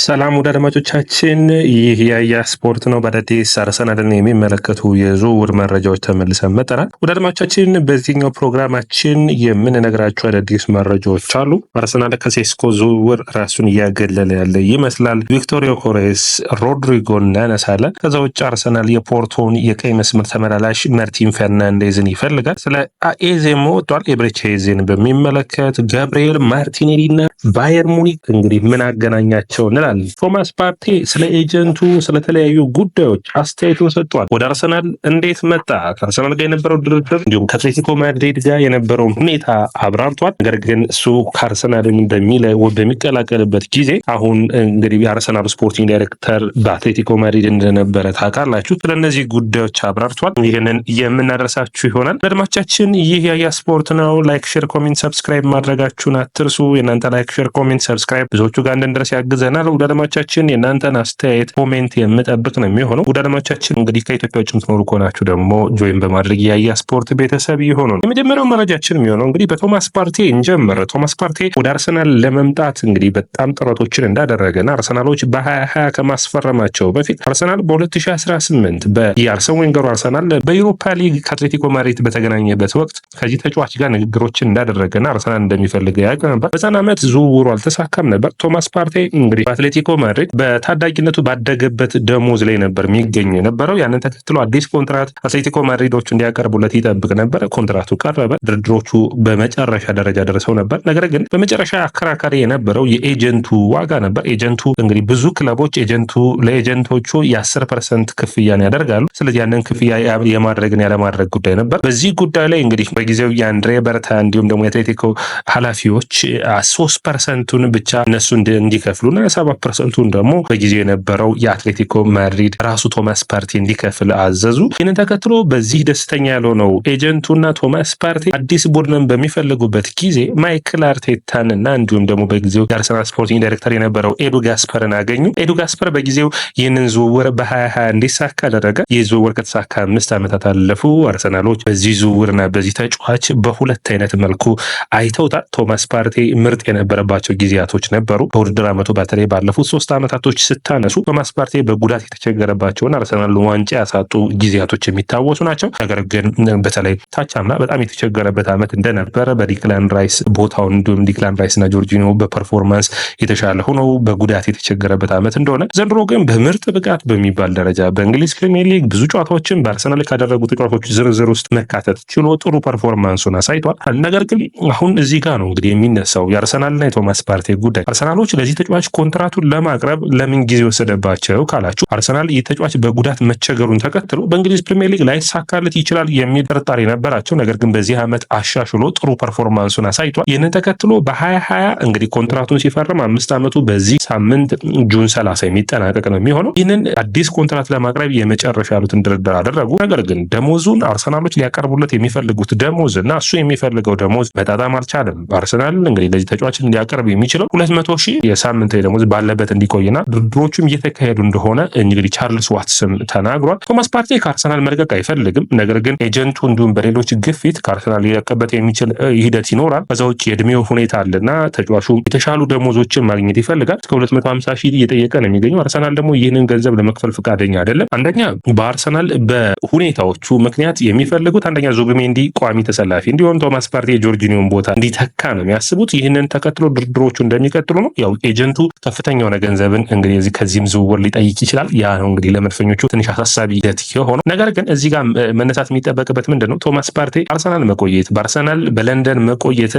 ሰላም ወደ አድማጮቻችን፣ ይህ የአያ ስፖርት ነው። በአዳዲስ አርሰናልን የሚመለከቱ የዝውውር መረጃዎች ተመልሰን መጠናል። ወደ አድማጮቻችን፣ በዚህኛው ፕሮግራማችን የምንነግራቸው አዳዲስ መረጃዎች አሉ። አርሰናል ከሴስኮ ዝውውር ራሱን እያገለለ ያለ ይመስላል። ቪክቶሪዮ ኮሬስ ሮድሪጎን እናነሳለን። ከዛ ውጭ አርሰናል የፖርቶን የቀይ መስመር ተመላላሽ መርቲን ፈርናንዴዝን ይፈልጋል። ስለ ኤዜም ወጥቷል። የብሬቼዜን በሚመለከት ገብርኤል ማርቲኔሊ ባየር ሙኒክ እንግዲህ ምን አገናኛቸው ይላል። ቶማስ ፓርቴ ስለ ኤጀንቱ ስለተለያዩ ጉዳዮች አስተያየቱን ሰጥቷል። ወደ አርሰናል እንዴት መጣ፣ ከአርሰናል ጋር የነበረው ድርድር እንዲሁም ከአትሌቲኮ ማድሪድ ጋር የነበረውን ሁኔታ አብራርቷል። ነገር ግን እሱ ከአርሰናልን በሚቀላቀልበት ጊዜ አሁን እንግዲህ የአርሰናል ስፖርቲንግ ዳይሬክተር በአትሌቲኮ ማድሪድ እንደነበረ ታውቃላችሁ። ስለ እነዚህ ጉዳዮች አብራርቷል። ይህንን የምናደርሳችሁ ይሆናል። ለድማቻችን ይህ ያያ ስፖርት ነው። ላይክ፣ ሼር፣ ኮሜንት፣ ሰብስክራይብ ማድረጋችሁን አትርሱ። የእናንተ ላይክ፣ ሼር፣ ኮሜንት፣ ሰብስክራይብ ብዙዎቹ ጋር እንድንደርስ ያግዘናል። አመሰግናለሁ። ውድ አድማጮቻችን የእናንተን አስተያየት ኮሜንት የምጠብቅ ነው የሚሆነው። ውድ አድማጮቻችን እንግዲህ ከኢትዮጵያ ውጭ የምትኖሩ ከሆናችሁ ደግሞ ጆይን በማድረግ የአያ ስፖርት ቤተሰብ የሆኑ ነው። የመጀመሪያው መረጃችን የሚሆነው እንግዲህ በቶማስ ፓርቴ እንጀምር። ቶማስ ፓርቴ ወደ አርሰናል ለመምጣት እንግዲህ በጣም ጥረቶችን እንዳደረገና አርሰናሎች በ2020 ከማስፈረማቸው በፊት አርሰናል በ2018 በየአርሰን ወንገሩ አርሰናል በዩሮፓ ሊግ ከአትሌቲኮ ማድሪድ በተገናኘበት ወቅት ከዚህ ተጫዋች ጋር ንግግሮችን እንዳደረገና አርሰናል እንደሚፈልገ ያውቅ ነበር። በዛን ዓመት ዝውውሩ አልተሳካም ነበር። ቶማስ ፓርቴ እንግዲህ አትሌቲኮ ማድሪድ በታዳጊነቱ ባደገበት ደሞዝ ላይ ነበር የሚገኝ የነበረው። ያንን ተከትሎ አዲስ ኮንትራት አትሌቲኮ ማድሪዶቹ እንዲያቀርቡለት ይጠብቅ ነበር። ኮንትራቱ ቀረበ። ድርድሮቹ በመጨረሻ ደረጃ ደርሰው ነበር። ነገር ግን በመጨረሻ አከራካሪ የነበረው የኤጀንቱ ዋጋ ነበር። ኤጀንቱ እንግዲህ ብዙ ክለቦች ኤጀንቱ ለኤጀንቶቹ የአስር ፐርሰንት ክፍያን ያደርጋሉ። ስለዚህ ያንን ክፍያ የማድረግን ያለማድረግ ጉዳይ ነበር። በዚህ ጉዳይ ላይ እንግዲህ በጊዜው የአንድሬ በርታ እንዲሁም ደግሞ የአትሌቲኮ ኃላፊዎች ሶስት ፐርሰንቱን ብቻ እነሱ እንዲከፍሉና አርባ ፐርሰንቱን ደግሞ በጊዜው የነበረው የአትሌቲኮ ማድሪድ ራሱ ቶማስ ፓርቲ እንዲከፍል አዘዙ። ይህንን ተከትሎ በዚህ ደስተኛ ያልሆነው ኤጀንቱና ቶማስ ፓርቲ አዲስ ቡድንን በሚፈልጉበት ጊዜ ማይክል አርቴታንና እንዲሁም ደግሞ በጊዜው የአርሰናል ስፖርቲንግ ዳይሬክተር የነበረው ኤዱ ጋስፐርን አገኙ። ኤዱ ጋስፐር በጊዜው ይህንን ዝውውር በሀያ ሀያ እንዲሳካ አደረገ። ይህ ዝውውር ከተሳካ አምስት ዓመታት አለፉ። አርሰናሎች በዚህ ዝውውርና በዚህ ተጫዋች በሁለት አይነት መልኩ አይተውታል። ቶማስ ፓርቲ ምርጥ የነበረባቸው ጊዜያቶች ነበሩ። በውድድር ዓመቱ በተለይ ባለፉት ሶስት ዓመታቶች ስታነሱ ቶማስ ፓርቴ በጉዳት የተቸገረባቸውን አርሰናል ዋንጫ ያሳጡ ጊዜያቶች የሚታወሱ ናቸው። ነገር ግን በተለይ ታቻምና በጣም የተቸገረበት ዓመት እንደነበረ በዲክላን ራይስ ቦታውን እንዲሁም ዲክላን ራይስ እና ጆርጂኖ በፐርፎርማንስ የተሻለ ሆነው በጉዳት የተቸገረበት ዓመት እንደሆነ ዘንድሮ ግን በምርጥ ብቃት በሚባል ደረጃ በእንግሊዝ ፕሪሚየር ሊግ ብዙ ጨዋታዎችን በአርሰናል ካደረጉ ተጫዋቾች ዝርዝር ውስጥ መካተት ችሎ ጥሩ ፐርፎርማንሱን አሳይቷል። ነገር ግን አሁን እዚህ ጋር ነው እንግዲህ የሚነሳው የአርሰናልና የቶማስ ፓርቴ ጉዳይ። አርሰናሎች ለዚህ ተጫዋች ኮንትራ ኮንትራቱን ለማቅረብ ለምን ጊዜ ወሰደባቸው ካላችሁ አርሰናል የተጫዋች በጉዳት መቸገሩን ተከትሎ በእንግሊዝ ፕሪሚየር ሊግ ላይሳካለት ይችላል የሚል ጥርጣሬ ነበራቸው። ነገር ግን በዚህ ዓመት አሻሽሎ ጥሩ ፐርፎርማንሱን አሳይቷል። ይህንን ተከትሎ በ2020 እንግዲህ ኮንትራቱን ሲፈርም አምስት ዓመቱ በዚህ ሳምንት ጁን 30 የሚጠናቀቅ ነው የሚሆነው። ይህንን አዲስ ኮንትራት ለማቅረብ የመጨረሻ ያሉትን ድርድር አደረጉ። ነገር ግን ደሞዙን አርሰናሎች ሊያቀርቡለት የሚፈልጉት ደሞዝ እና እሱ የሚፈልገው ደሞዝ መጣጣም አልቻለም። አርሰናል እንግዲህ ለዚህ ተጫዋችን ሊያቀርብ የሚችለው ሁለት መቶ ሺህ የሳምንት ደሞዝ ባለበት እንዲቆይና ድርድሮቹም እየተካሄዱ እንደሆነ እንግዲህ ቻርልስ ዋትስን ተናግሯል። ቶማስ ፓርቲ ከአርሰናል መልቀቅ አይፈልግም። ነገር ግን ኤጀንቱ እንዲሁም በሌሎች ግፊት ከአርሰናል ሊለቀበት የሚችል ሂደት ይኖራል። ከዛ ውጭ የእድሜው ሁኔታ አለና ተጫዋቹ የተሻሉ ደሞዞችን ማግኘት ይፈልጋል። እስከ 250 ሺህ እየጠየቀ ነው የሚገኘው። አርሰናል ደግሞ ይህንን ገንዘብ ለመክፈል ፈቃደኛ አይደለም። አንደኛ በአርሰናል በሁኔታዎቹ ምክንያት የሚፈልጉት አንደኛ ዙቢሜንዲ ቋሚ ተሰላፊ እንዲሆን፣ ቶማስ ፓርቲ የጆርጂኒዮን ቦታ እንዲተካ ነው የሚያስቡት። ይህንን ተከትሎ ድርድሮቹ እንደሚቀጥሉ ነው ያው ኤጀንቱ ከፍ ከፍተኛ የሆነ ገንዘብን እንግዲህ እዚህ ከዚህም ዝውውር ሊጠይቅ ይችላል። ያ ነው እንግዲህ ለመድፈኞቹ ትንሽ አሳሳቢ ሂደት የሆነው ነገር ግን እዚህ ጋር መነሳት የሚጠበቅበት ምንድን ነው? ቶማስ ፓርቴ አርሰናል መቆየት በአርሰናል በለንደን መቆየት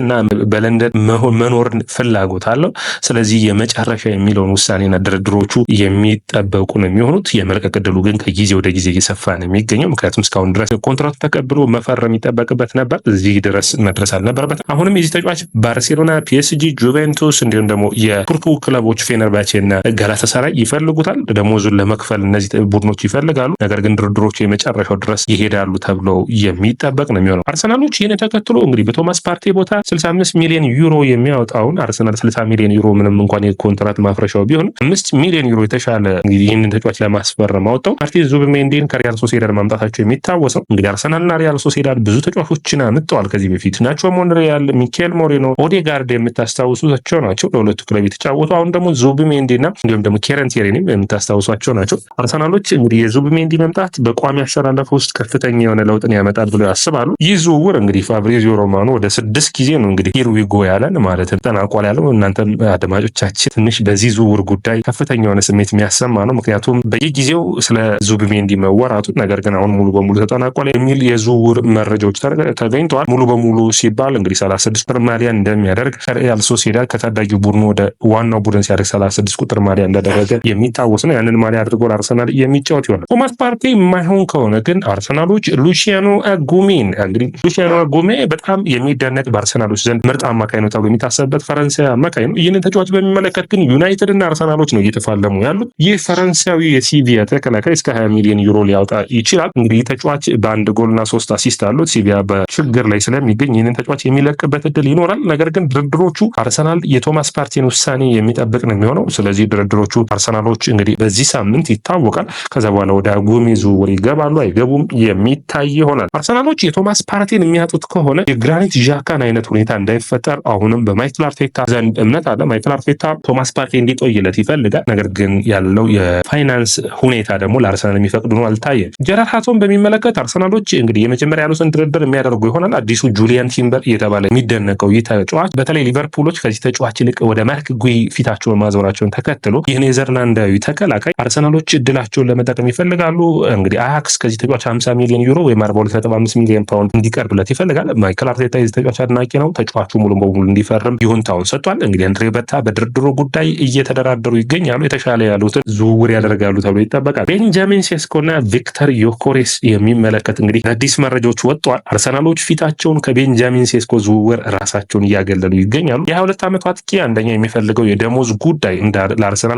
በለንደን መኖርን ፍላጎት አለው። ስለዚህ የመጨረሻ የሚለውን ውሳኔና ድርድሮቹ የሚጠበቁ ነው የሚሆኑት። የመልቀቅ ድሉ ግን ከጊዜ ወደ ጊዜ እየሰፋ ነው የሚገኘው። ምክንያቱም እስካሁን ድረስ ኮንትራቱ ተቀብሎ መፈረም የሚጠበቅበት ነበር፣ እዚህ ድረስ መድረስ አልነበረበት። አሁንም የዚህ ተጫዋች ባርሴሎና፣ ፒኤስጂ፣ ጁቬንቱስ እንዲሁም ደግሞ የቱርክ ክለቦች ፌነርባቼና ጋላተሳራይ ይፈልጉታል። ደሞዙን ለመክፈል እነዚህ ቡድኖች ይፈልጋሉ። ነገር ግን ድርድሮቹ የመጨረሻው ድረስ ይሄዳሉ ተብሎ የሚጠበቅ ነው የሚሆነው። አርሰናሎች ይህን ተከትሎ እንግዲህ በቶማስ ፓርቴ ቦታ 65 ሚሊዮን ዩሮ የሚያወጣውን አርሰናል 60 ሚሊዮን ዩሮ ምንም እንኳን የኮንትራት ማፍረሻው ቢሆን አምስት ሚሊዮን ዩሮ የተሻለ እንግዲህ ይህንን ተጫዋች ለማስፈረም አወጣው። ፓርቴ ዙብሜንዲን ከሪያል ሶሴዳድ ማምጣታቸው የሚታወሰው እንግዲህ አርሰናልና ሪያል ሶሴዳድ ብዙ ተጫዋቾችን አምጥተዋል ከዚህ በፊት ናቾ ሞንሪያል፣ ሚኬል ሞሬኖ፣ ኦዴጋርድ የምታስታውሱቸው ናቸው። ለሁለቱ ክለብ የተጫወቱ አሁን ደግሞ ዙብሜንዲና እንዲሁም ደግሞ ኬረን ቴሬንም የምታስታውሷቸው ናቸው። አርሰናሎች እንግዲህ የዙብሜንዲ መምጣት በቋሚ አሰላለፍ ውስጥ ከፍተኛ የሆነ ለውጥን ያመጣል ብለው ያስባሉ። ይህ ዝውውር እንግዲህ ፋብሪዚዮ ሮማኖ ወደ ስድስት ጊዜ ነው እንግዲህ ሂርዊጎ ያለን ማለት ጠናቋል ያለው። እናንተ አድማጮቻችን ትንሽ በዚህ ዝውውር ጉዳይ ከፍተኛ የሆነ ስሜት የሚያሰማ ነው። ምክንያቱም በየጊዜው ስለ ዙብሜንዲ መወራቱ ነገር ግን አሁን ሙሉ በሙሉ ተጠናቋል የሚል የዝውውር መረጃዎች ተገኝተዋል። ሙሉ በሙሉ ሲባል እንግዲህ ሰላሳ ስድስት እንደሚያደርግ ሪያል ሶሲዳድ ከታዳጊ ቡድኑ ወደ ዋናው ቡድን ሲያደርግ 36 ቁጥር ማሊያ እንዳደረገ የሚታወስ ነው። ያንን ማሊያ አድርጎ ለአርሰናል የሚጫወት ይሆናል። ቶማስ ፓርቴ የማይሆን ከሆነ ግን አርሰናሎች ሉሲያኖ አጉሜን እንግዲህ ሉሲያኖ አጉሜ በጣም የሚደነቅ በአርሰናሎች ዘንድ ምርጥ አማካኝ ነው ተብሎ የሚታሰብበት ፈረንሳዊ አማካኝ ነው። ይህንን ተጫዋች በሚመለከት ግን ዩናይትድ እና አርሰናሎች ነው እየተፋለሙ ያሉት። ይህ ፈረንሳዊ የሲቪያ ተከላካይ እስከ 20 ሚሊዮን ዩሮ ሊያወጣ ይችላል። እንግዲህ ተጫዋች በአንድ ጎልና ሶስት አሲስት አሉት። ሲቪያ በችግር ላይ ስለሚገኝ ይህንን ተጫዋች የሚለቅበት እድል ይኖራል። ነገር ግን ድርድሮቹ አርሰናል የቶማስ ፓርቴን ውሳኔ የሚጠብቅ ነው የሚሆነው። ስለዚህ ድርድሮቹ አርሰናሎች እንግዲህ በዚህ ሳምንት ይታወቃል። ከዛ በኋላ ወደ ቋሚ ዝውውር ይገባሉ አይገቡም የሚታይ ይሆናል። አርሰናሎች የቶማስ ፓርቲን የሚያጡት ከሆነ የግራኒት ዣካን አይነት ሁኔታ እንዳይፈጠር አሁንም በማይክል አርቴታ ዘንድ እምነት አለ። ማይክል አርቴታ ቶማስ ፓርቲ እንዲቆይለት ይፈልጋል። ነገር ግን ያለው የፋይናንስ ሁኔታ ደግሞ ለአርሰናል የሚፈቅዱ ነው አልታየም። ጀራር ሃቶን በሚመለከት አርሰናሎች እንግዲህ የመጀመሪያ ያሉትን ድርድር የሚያደርጉ ይሆናል። አዲሱ ጁሊያን ቲምበር እየተባለ የሚደነቀው ይህ ተጫዋች በተለይ ሊቨርፑሎች ከዚህ ተጫዋች ይልቅ ወደ ማርክ ጉይ ፊታቸውን ማዞራቸውን ተከትሎ ይህ ኔዘርላንዳዊ ተከላካይ አርሰናሎች እድላቸውን ለመጠቀም ይፈልጋሉ። እንግዲህ አያክስ ከዚህ ተጫዋች 50 ሚሊዮን ዩሮ ወይም 42.5 ሚሊዮን ፓውንድ እንዲቀርብለት ይፈልጋል። ማይክል አርቴታ የዚህ ተጫዋች አድናቂ ነው። ተጫዋቹ ሙሉ በሙሉ እንዲፈርም ይሁንታውን ሰጥቷል። እንግዲህ አንድሬ በርታ በድርድሩ ጉዳይ እየተደራደሩ ይገኛሉ። የተሻለ ያሉትን ዝውውር ያደርጋሉ ተብሎ ይጠበቃል። ቤንጃሚን ሴስኮና ቪክተር ዮኮሬስ የሚመለከት እንግዲህ አዲስ መረጃዎች ወጥተዋል። አርሰናሎች ፊታቸውን ከቤንጃሚን ሴስኮ ዝውውር ራሳቸውን እያገለሉ ይገኛሉ። የ22 ዓመቱ አጥቂ አንደኛ የሚፈልገው የደሞዝ ጉ ጉዳይ እንደ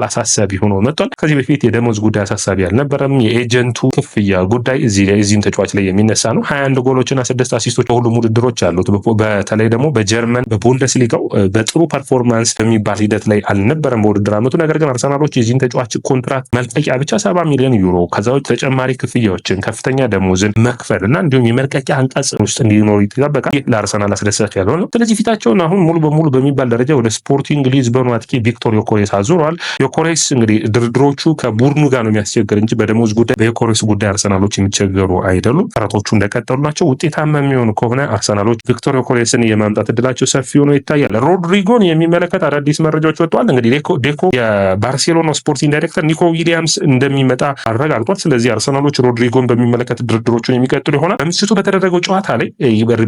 አሳሳቢ ሆኖ መጥቷል። ከዚህ በፊት የደሞዝ ጉዳይ አሳሳቢ አልነበረም። የኤጀንቱ ክፍያ ጉዳይ እዚህም ተጫዋች ላይ የሚነሳ ነው። ሀያ አንድ ጎሎችና ስድስት አሲስቶች በሁሉም ውድድሮች አሉት። በተለይ ደግሞ በጀርመን በቡንደስሊጋው በጥሩ ፐርፎርማንስ በሚባል ሂደት ላይ አልነበረም በውድድር አመቱ። ነገር ግን አርሰናሎች የዚህን ተጫዋች ኮንትራት መልቀቂያ ብቻ ሰባ ሚሊዮን ዩሮ ከዛ ተጨማሪ ክፍያዎችን ከፍተኛ ደሞዝን መክፈል እና እንዲሁም የመልቀቂያ አንቀጽ ውስጥ እንዲኖሩ ይጠበቃል። ይህ ለአርሰናል አስደሳች ያልሆነ ነው። ስለዚህ ፊታቸውን አሁን ሙሉ በሙሉ በሚባል ደረጃ ወደ ስፖርቲንግ ሊዝበኑ አጥቂ ቪክቶር በዮኮሬስ አዙሯል። የኮሬስ እንግዲህ ድርድሮቹ ከቡድኑ ጋር ነው የሚያስቸግር እንጂ በደሞዝ ጉዳይ በዮኮሬስ ጉዳይ አርሰናሎች የሚቸገሩ አይደሉም። ጥረቶቹ እንደቀጠሉ ናቸው። ውጤታማ የሚሆኑ ከሆነ አርሰናሎች ቪክቶር ኮሬስን የማምጣት እድላቸው ሰፊ ሆኖ ይታያል። ሮድሪጎን የሚመለከት አዳዲስ መረጃዎች ወጥተዋል። እንግዲህ ዴኮ የባርሴሎና ስፖርቲንግ ዳይሬክተር ኒኮ ዊሊያምስ እንደሚመጣ አረጋግጧል። ስለዚህ አርሰናሎች ሮድሪጎን በሚመለከት ድርድሮቹን የሚቀጥሉ ይሆናል። በምስቱ በተደረገው ጨዋታ ላይ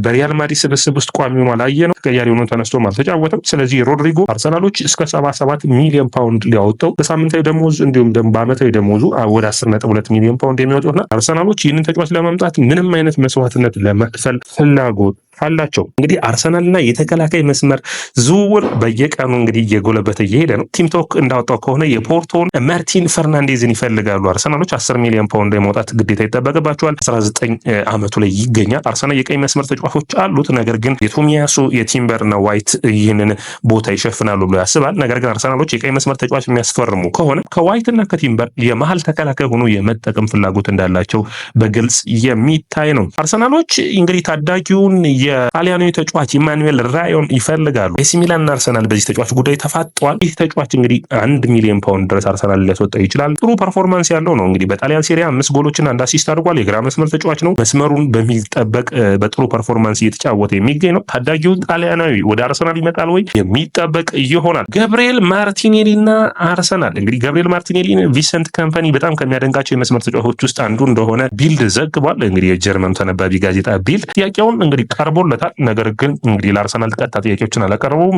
በሪያል ማድሪድ ስብስብ ውስጥ ቋሚ ሆኖ አላየ ነው ተቀያሪ ሆኖ ተነስቶም አልተጫወተም። ስለዚህ ሮድሪጎ አርሰናሎች እስከ ሰባ ሰባት ሚሊዮን ፓውንድ ሊያወጣው በሳምንታዊ ደሞዝ እንዲሁም ደግሞ በአመታዊ ደሞዙ ወደ አስር ነጥብ ሁለት ሚሊዮን ፓውንድ የሚወጣውና አርሰናሎች ይህንን ተጫዋች ለማምጣት ምንም አይነት መስዋዕትነት ለመክፈል ፍላጎት አላቸው። እንግዲህ አርሰናልና የተከላካይ መስመር ዝውውር በየቀኑ እንግዲህ እየጎለበት እየሄደ ነው። ቲምቶክ እንዳወጣው ከሆነ የፖርቶን ማርቲን ፈርናንዴዝን ይፈልጋሉ አርሰናሎች። 10 ሚሊዮን ፓውንድ የመውጣት ግዴታ ይጠበቅባቸዋል። 19 ዓመቱ ላይ ይገኛል። አርሰናል የቀኝ መስመር ተጫዋቾች አሉት፣ ነገር ግን የቶሚያሱ የቲምበርና ዋይት ይህንን ቦታ ይሸፍናሉ ብሎ ያስባል። ነገር ግን አርሰናሎች የቀኝ መስመር ተጫዋች የሚያስፈርሙ ከሆነ ከዋይትና ከቲምበር የመሀል ተከላካይ ሆኖ የመጠቀም ፍላጎት እንዳላቸው በግልጽ የሚታይ ነው። አርሰናሎች እንግዲህ ታዳጊውን የጣሊያኑ ተጫዋች ኢማኑኤል ራዮን ይፈልጋሉ። ኤሲ ሚላንና አርሰናል በዚህ ተጫዋች ጉዳይ ተፋጠዋል። ይህ ተጫዋች እንግዲህ አንድ ሚሊዮን ፓውንድ ድረስ አርሰናል ሊያስወጣው ይችላል። ጥሩ ፐርፎርማንስ ያለው ነው። እንግዲህ በጣሊያን ሴሪያ አምስት ጎሎችና አንድ አሲስት አድርጓል። የግራ መስመር ተጫዋች ነው። መስመሩን በሚጠበቅ በጥሩ ፐርፎርማንስ እየተጫወተ የሚገኝ ነው። ታዳጊው ጣሊያናዊ ወደ አርሰናል ይመጣል ወይ የሚጠበቅ ይሆናል። ገብርኤል ማርቲኔሊ እና አርሰናል እንግዲህ ገብርኤል ማርቲኔሊ ቪሰንት ካምፓኒ በጣም ከሚያደንቃቸው የመስመር ተጫዋቾች ውስጥ አንዱ እንደሆነ ቢልድ ዘግቧል። እንግዲህ የጀርመን ተነባቢ ጋዜጣ ቢልድ ጥያቄውን እንግዲህ ቀርቦ ቀርቦለታል። ነገር ግን እንግዲህ ለአርሰናል ቀጥታ ጥያቄዎችን አላቀረቡም።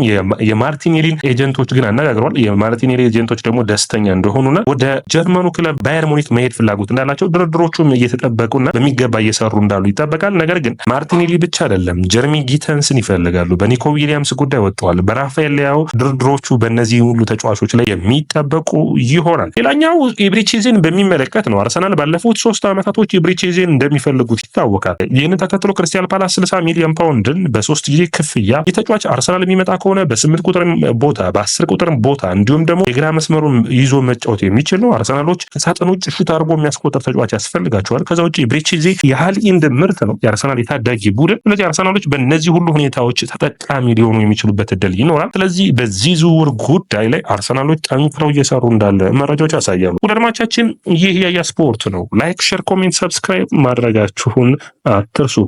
የማርቲኔሊን ኤጀንቶች ግን አነጋግረዋል። የማርቲኔሊ ኤጀንቶች ደግሞ ደስተኛ እንደሆኑና ወደ ጀርመኑ ክለብ ባየር ሙኒክ መሄድ ፍላጎት እንዳላቸው ድርድሮቹም እየተጠበቁና በሚገባ እየሰሩ እንዳሉ ይጠበቃል። ነገር ግን ማርቲኔሊ ብቻ አይደለም ጀርሚ ጊተንስን ይፈልጋሉ። በኒኮ ዊሊያምስ ጉዳይ ወጥተዋል። በራፋኤል ሊያው ድርድሮቹ በእነዚህ ሁሉ ተጫዋቾች ላይ የሚጠበቁ ይሆናል። ሌላኛው ኢብሪቼዜን በሚመለከት ነው። አርሰናል ባለፉት ሶስት ዓመታቶች ኢብሪቼዜን እንደሚፈልጉት ይታወቃል። ይህንን ተከትሎ ክርስቲያን ፓላስ 60 ሚሊዮን ሚሊዮን ፓውንድን በሶስት ጊዜ ክፍያ የተጫዋች አርሰናል የሚመጣ ከሆነ በስምንት ቁጥር ቦታ በአስር ቁጥር ቦታ እንዲሁም ደግሞ የግራ መስመሩን ይዞ መጫወት የሚችል ነው። አርሰናሎች ከሳጥን ውጭ ሹት አድርጎ የሚያስቆጠር ተጫዋች ያስፈልጋቸዋል። ከዛ ውጭ ብሬቺዜ የሃል ኢንድ ምርት ነው የአርሰናል የታዳጊ ቡድን። ስለዚህ አርሰናሎች በእነዚህ ሁሉ ሁኔታዎች ተጠቃሚ ሊሆኑ የሚችሉበት እድል ይኖራል። ስለዚህ በዚህ ዝውውር ጉዳይ ላይ አርሰናሎች ጠንክረው እየሰሩ እንዳለ መረጃዎች ያሳያሉ። ወዳድማቻችን ይህ ያያ ስፖርት ነው። ላይክ፣ ሼር፣ ኮሜንት፣ ሰብስክራይብ ማድረጋችሁን አትርሱ።